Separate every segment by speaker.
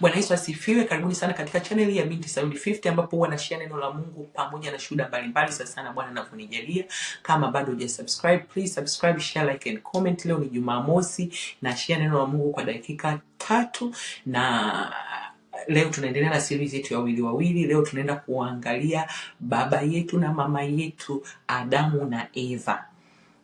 Speaker 1: Bwana Yesu asifiwe. Karibuni sana katika chaneli ya Binti Sayuni 50 ambapo huwa nashia neno la Mungu pamoja na shuhuda mbalimbali. Sasa sana Bwana anavyonijalia. Kama bado hujasubscribe, please subscribe, share, like and comment. Leo ni Jumamosi na shia neno la Mungu kwa dakika tatu na leo tunaendelea na series yetu ya wawili wawili. Leo tunaenda kuangalia baba yetu na mama yetu Adamu na Eva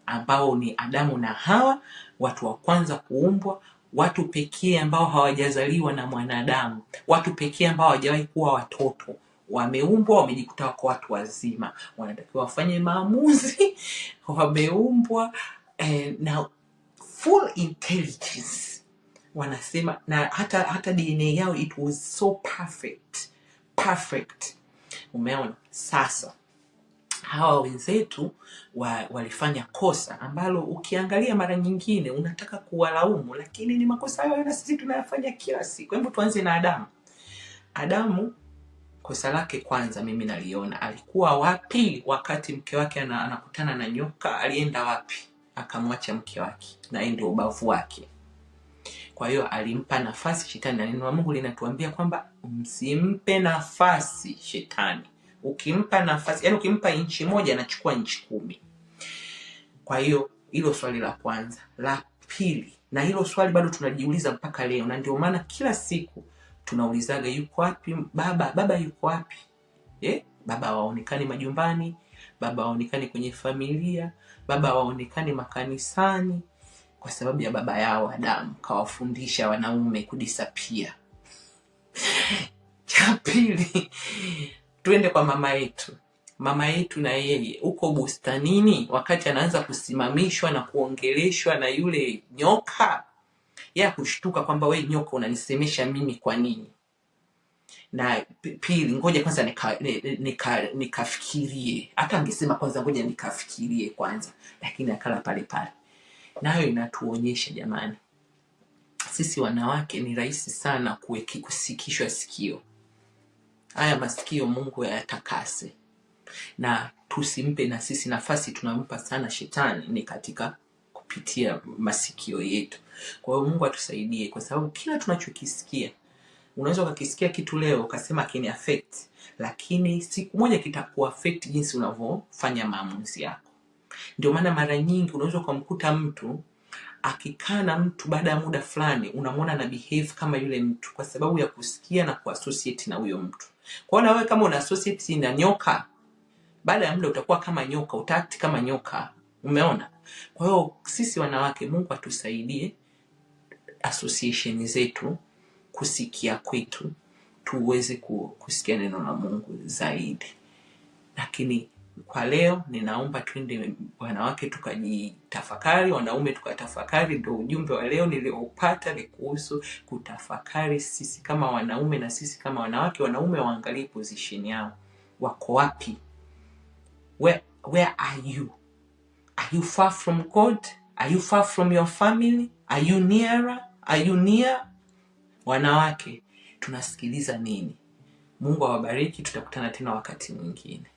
Speaker 1: ambao ni Adamu na Hawa, watu wa kwanza kuumbwa, watu pekee ambao hawajazaliwa na mwanadamu, watu pekee ambao hawajawahi kuwa watoto wameumbwa wamejikuta wako watu wazima, wanatakiwa wafanye maamuzi wameumbwa eh, na full intelligence wanasema, na hata hata DNA yao it was so perfect perfect. Umeona sasa hawa wenzetu wa, walifanya kosa ambalo ukiangalia mara nyingine unataka kuwalaumu, lakini ni makosa hayo na sisi tunayafanya kila siku. Hebu tuanze na Adamu. Adamu kosa lake kwanza mimi naliona, alikuwa wapi wakati mke wake anakutana na nyoka? Alienda wapi? Akamwacha mke wake, naye ndio ubavu wake. Kwa hiyo alimpa nafasi shetani, na neno la Mungu linatuambia kwamba msimpe nafasi shetani ukimpa nafasi, yani ukimpa nchi moja anachukua nchi kumi. Kwa hiyo hilo swali la kwanza. La pili, na hilo swali bado tunajiuliza mpaka leo, na ndio maana kila siku tunaulizaga yuko wapi baba, baba yuko wapi? Eh, baba waonekani majumbani, baba waonekani kwenye familia, baba waonekani makanisani kwa sababu ya baba yao Adamu kawafundisha wanaume kudisapia. Cha pili twende kwa mama yetu. Mama yetu na yeye huko bustanini, wakati anaanza kusimamishwa na kuongeleshwa na yule nyoka, ya kushtuka kwamba we nyoka, unanisemesha mimi kwa nini? na pili, ngoja kwanza nikafikirie nika, nika, hata angesema kwanza, ngoja nikafikirie kwanza, lakini akala pale pale. Nayo inatuonyesha jamani, sisi wanawake ni rahisi sana kusikishwa sikio haya masikio Mungu yayatakase, na tusimpe na sisi nafasi tunampa sana shetani, ni katika kupitia masikio yetu. Kwa hiyo Mungu atusaidie, kwa sababu kila tunachokisikia unaweza ukakisikia kitu leo ukasema kini affect, lakini siku moja affect jinsi unavyofanya maamuzi yako. Ndio maana mara nyingi unaweza ukamkuta mtu akikaa na mtu baada ya muda fulani unamwona na behave kama yule mtu kwa sababu ya kusikia na kuassociate na huyo mtu kwa hiyo wewe kama una associate na nyoka baada ya muda utakuwa kama nyoka utaakti kama nyoka umeona kwa hiyo sisi wanawake mungu atusaidie association zetu kusikia kwetu tuweze kusikia neno la mungu zaidi lakini kwa leo ninaomba twende wanawake tukajitafakari, wanaume tukatafakari. Ndio ujumbe wa leo nilioupata, ni kuhusu kutafakari sisi kama wanaume na sisi kama wanawake. Wanaume waangalie position yao, wako wapi? Where, where are you? Are you far from God? Are you far from your family? Are you nearer? Are you near? Wanawake tunasikiliza nini? Mungu awabariki, tutakutana tena wakati mwingine.